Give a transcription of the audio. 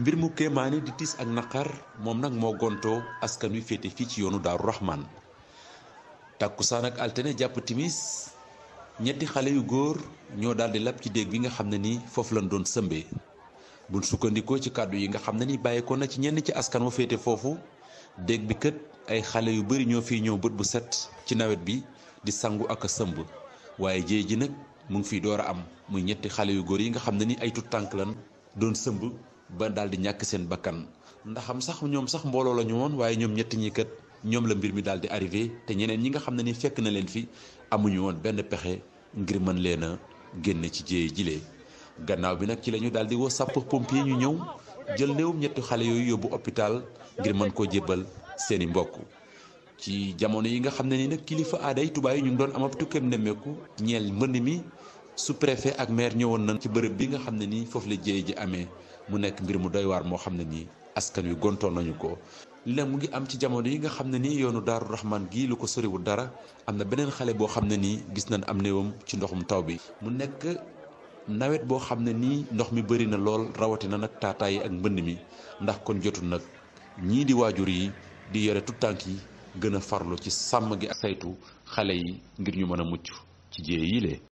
mbir mu kéemaani di tiis ak naqar moom nag moo gontoo askan wi féete fii ci yoonu daaru raxmaan tàkkusaan ak altine jàpp timis ñetti xale yu góor ñoo daal di lab ci déeg bi nga xam ne ni foofu lañ doon sëmbee bu sukkandikoo ci kàddu yi nga xam ne ni bàyyeekoo na ci ñenn ci askan wa féete foofu déeg bi kët ay xale yu bari ñoo fiy ñëw bët bu set ci nawet bi di sangu ak sëmb waaye jéey ji nag mu ngi fi door a am muy ñetti xale yu góor yi nga xam ne ni aytu tut tànk lan doon sëmb ba daal di ñàkk seen bakkan ndaxam sax ñoom sax mbooloo la ñu woon waaye ñoom ñetti ñii kat ñoom la mbir mi daal di arrivé te ñeneen ñi nga xam ne ni fekk na leen fi amuñu woon benn pexe ngir mën leen a génn ci jéeye jilee gannaaw bi nag ci lañu ñu daal di woo sapeur pompier ñu ñëw jël néewum ñetti xale yooyu yóbbu hôpital ngir mën koo jébbal seeni mbokk ci jamono yi nga xam ne ni nag kilifa aaday tubaay yi ñu doon am ab tukkeem nemmeeku ñeel mbënd mi sous-préfet ak maire ñëwoon nañ ci bërëb bi nga xam ne nii foofu la jéye ji amee mu nekk mbir mu doy moo xam ne nii askan wi gontoon nañu ko li mu ngi am ci jamono yi nga xam ne nii yoonu daaru rahman gii lu ko soriwul dara am na beneen xale boo xam ne nii gis nañ am néewam ci ndoxum taw bi mu nekk nawet boo xam ne nii ndox mi bëri na lool rawatina nag taataay ak mbënd mi ndax kon jotul nag ñii di waajur yi di yore tout tànk yi gën a farlu ci sàmm gi ak xale yi ngir ñu mën a mucc ci jéye